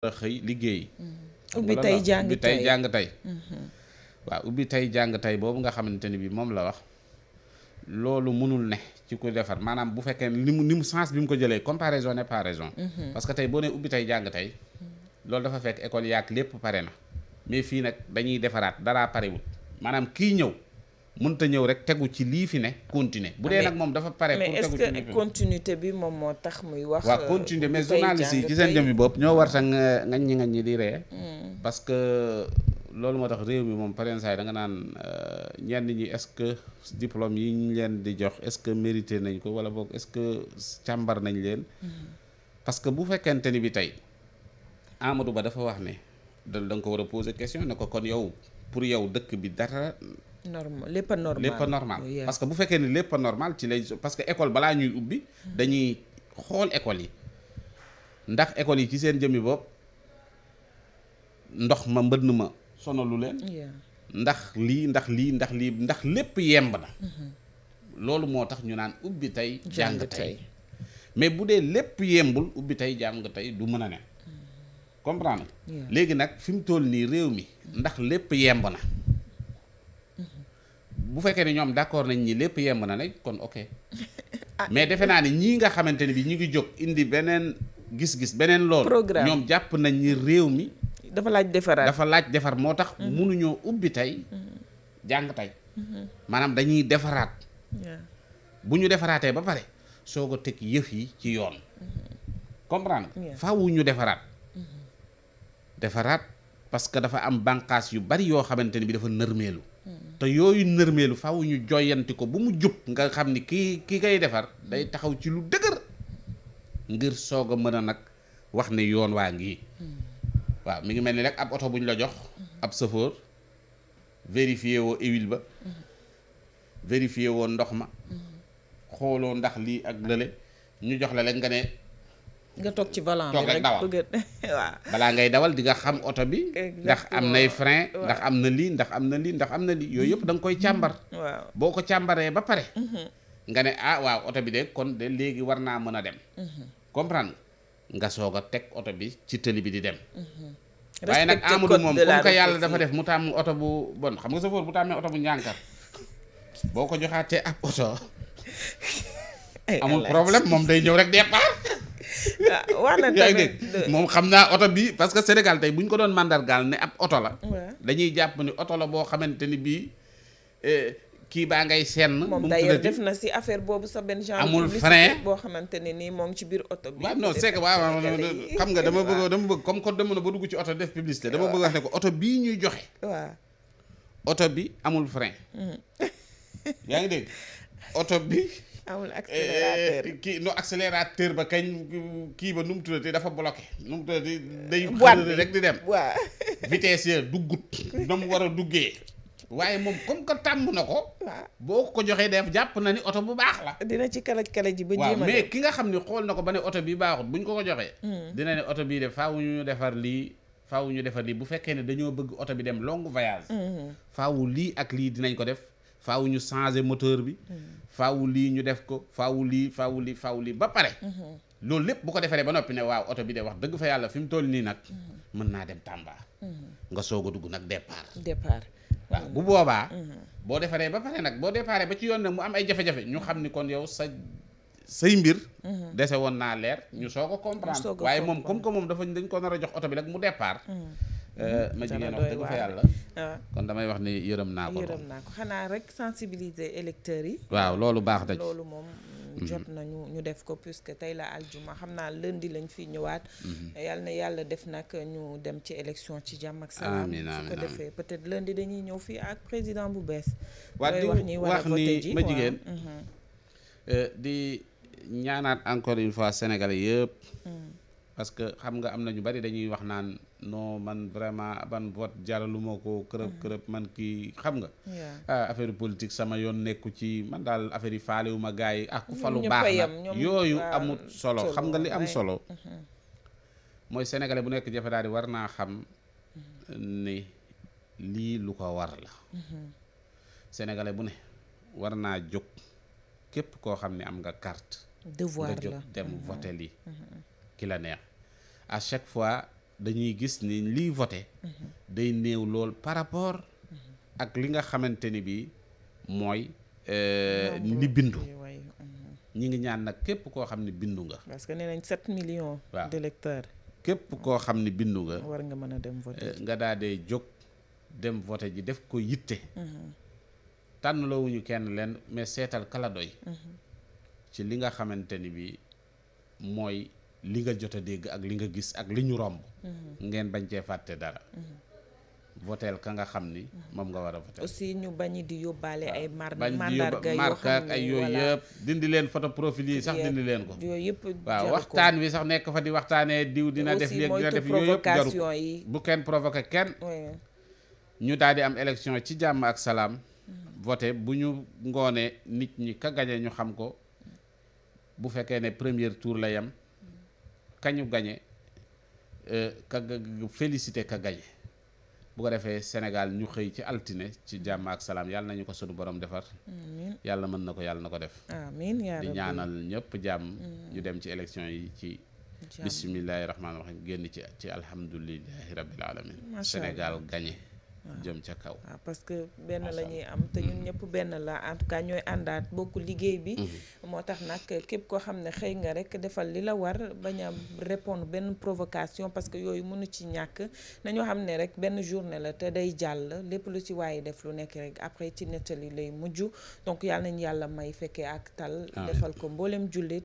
a xëy liggéey. Mm-hmm. ubbi tey jàng tey ubbi jàng tey. waaw ubbi tey jàng tay boobu nga xamante ni bii moom la wax loolu mënul ne ci ku defar maanaam bu fekkee ni mu ni mu sens bi mu ko jëlee comparaison n'est pas mm-hmm. parce que tey boo nee ubbi tey jàng tey. Mm-hmm. loolu dafa fekk école yaak lépp pare na mais fii nag dañuy defaraat daraa parewut maanaam kii ñëw. mun mënta ñëw rek tegu ci lii fi ne continuer bu dee nag moom dafa pare pour tegu ci mais est-ce que bi moom moo tax muy wax waaw euh, continuité mais journaliste yi ci seen jëmmi bopp ñoo war tax di ree hmm. parce que loolu moo tax réew mi moom parensaay da nga naan euh, ñenn ñi est-ce que diplôme yi ñu leen di jox est-ce que mérité nañ ko wala boog est-ce que càmbar nañ leen hmm. parce que bu fekkente ni bi tey Amadou Ba dafa wax ne da nga ko war a poser question ne ko kon yow pour yow dëkk bi dara normal lépp normal lépp normal parce que bu fekkee ni lépp normal ci lay parce que école balaa ñuy ubbi dañuy xool école yi ndax école yi ci seen jëmmi bopp ndox ma mbënn ma sonalu leen ndax lii ndax lii ndax lii ndax lépp yemb na mm-hmm. loolu moo tax ñu naan ubbi tey jàng tey mais bu dee lépp yembul ubbi tey jàng tey du mën a ne mm-hmm. comprendre léegi nag fi mu toll nii réew mi ndax lépp yemb na bu fekkee ne ñoom d'accord nañ ni lépp yemb na nag kon ok ah. mais defe naa ne ñii nga xamante ne bi ñu ngi jóg indi beneen gis-gis beneen lool ñoom jàpp nañ ni réew mi dafa laaj defaraat dafa laaj defar moo tax mënuñoo mhm. ubbi tey mhm. jàng mhm. maanaam dañuy defaraat bu ñu defaraatee ba pare soog a teg yëf yi ci yoon comprendre faaw ñu defaraat defaraat parce que dafa am bànqaas yu bari yoo xamante ne bi dafa nërmeelu te yooyu nërmeelu faaw ñu joyanti ko ba mu jub nga xam ni kii kii kay defar day taxaw ci lu dëgër ngir soog a mën a nag wax ne yoon waa ngi hmm. waaw mi ngi mel ni rek ab oto bu ñu la jox hmm. ab chauffeur vérifié woo huile ba hmm. vérifié woo ndox ma xooloo ndax lii ak lële ñu jox la rek nga ne nga toog ci volant bi rek dawal waaw balaa ngay dawal di nga xam oto bi ndax am nay frein ndax am na lii ndax am na lii ndax am na lii yooyu yëpp da koy mm-hmm. càmbar boo ko càmbaree ba pare mm-hmm. nga ne ah waaw oto bi de kon de léegi war naa mën a dem mm-hmm. comprendre nga soog a teg oto bi ci tëli bi di dem waaye nag Amadou moom comme yàlla dafa def mu tàmm oto bu bon xam nga chauffeur bu tàmmee oto bu njànkar boo ko joxaatee ab oto amul problème moom day ñëw rek départ wax na tamit moom xam naa oto bi parce que Sénégal tey bu ñu ko doon màndargaal ne ab oto la. dañuy jàpp ni oto la boo xamante ni bii eh, kii baa ngay senn. moom d'ailleurs def na si affaire boobu sa benn genre. amul frein boo xamante ne nii moo ngi ci biir oto bi. waaw non c'est que xam nga dama bëgg dama bëgg comme que dama na ba oto def publicité dama bëgg wax ne ko oto bii ñuy joxe. waaw oto bi amul frein. Mm. yaa ngi dégg oto bi. amul eh, accélérateur eh, kii no accélérateur ba kañ kii ba nu mu tuddati dafa bloqué nu mu tuddati day xërëri rek di dem waaw vitesse ya duggut na mu war a duggee waaye moom comme que tàmm na ko. waaw boo ko joxee def jàpp na ni oto bu baax la. dina ci kalaj kalaj ji ba jéem mais ki nga xam ne xool na ko ba ne oto bi baaxut buñ ko ko joxee. Hmm. dina ne oto bii de faaw ñu defar lii faaw ñu defar lii bu fekkee ne dañoo bëgg oto bi dem longue voyage. Hmm. faaw lii ak lii dinañ ko def faw ñu changer moteur bi faaw lii ñu def ko faaw lii faw lii faw lii ba pare loolu lépp bu ko defaree ba noppi ne waaw oto bi de wax dëgg fa yàlla fi mu toll nii nag mën naa dem Tamba nga soog a dugg nag départ départ waaw bu boobaa boo defaree ba pare nag boo déparé ba ci yoon nag mu am ay jafe-jafe ñu xam ni kon yow sa say mbir dese woon naa leer ñu soog a comprendre waaye moom comme que moom dafa dañ ko nar a jox oto bi nag mu départ Euh, mm-hmm. ma jigéen wax ah. kon damay wax ni yërëm naa ko. yërëm xanaa rek sensibiliser électeurs yi. waaw loolu baax na loolu moom. Mm-hmm. jot nañu ñu def ko puisque tey la aljuma xam naa lundi lañ fi ñëwaat. Mm-hmm. yal na yàlla def nag ñu dem ci élection ci jàmm ak salaam. su ko defee dañuy ñëw fii ak président bu bees. waaw wax ni wax ni ma jigéen. Euh, di ñaanaat encore une fois sénégalais yëpp. Mm. parce que xam nga am na ñu bari dañuy wax naan. non man vraiment ban vote jaraluma ko kërëb mm-hmm. kërëb man kii xam nga ah, affaire politique sama yoon nekku ci man daal affaire yi faalewu ma gars yi ak ku falu baax na yooyu amut solo xam nga li am solo mm-hmm. mooy sénégalais bu nekk jafe daal di war naa xam mm-hmm. ni lii lu ko war la sénégalais bu ne war naa jóg képp koo xam ne am nga kart devoir la nga jóg dem voter li ki la neex à chaque fois dañuy gis ni liy voté day néew lool par rapport ak li nga xamante ni bii mooy li euh, bindu mhm. ñi ngi ñaan nag képp koo xam ne bindu nga. parce que nee nañ 7 képp koo xam ne bindu nga. war nga mën a dem euh, nga daa dee jóg dem voté ji def ko yitte. Mhm. tànn kenn leen mais seetal kala doy. Mhm. ci li nga xamante ni mooy. li nga jot a dégg ak li nga gis ak li ñu romb mhm. ngeen bañ cee fàtte dara mhm. votel ka nga xam ni mhm. moom nga war a votel ñu bañ di yóbbaale ay mar mandarga ak ay yooyu dindi leen photo profil yi sax dindi leen ko yooyu yëpp waaw waxtaan wi sax nekk fa di waxtaanee diw dina def léegi dina def yooyu yëpp bu kenn provoqué kenn ñu daal di am élection ci jàmm ak salaam voté bu ñu ngoonee nit ñi ka gañe ñu xam ko bu fekkee ne premier tour la yem kañu gañe ka euh, félicité ka gañe bu ko defee Sénégal ñu xëy ci altine ci jàmm ak salaam yàlla nañu ko sunu borom defar yàlla mën na ko yàlla na ko def amiin yaa rabbi di ñaanal ñëpp jàmm mm. ñu dem ci élection yi ci bismillaahi rahmaani rahiim génn ci ci alhamdulillahi rabbil alamin Sénégal gañe jëm ca kaw. waaw ah, parce que benn la ñuy am te ñun mm-hmm. ñëpp benn la en tout cas ñooy àndaat bokk liggéey bi. Mm-hmm. moo tax nag képp koo xam ne xëy nga rek defal li la war bañ a répondre benn provocation parce que yooyu mënu ci ñàkk nañoo xam ne rek benn journée la te day jàll lépp lu ci waaye def lu nekk rek après ci nettali lay mujj donc yàlla nañu yàlla may fekkee ak tal. defal ko mboolem jullit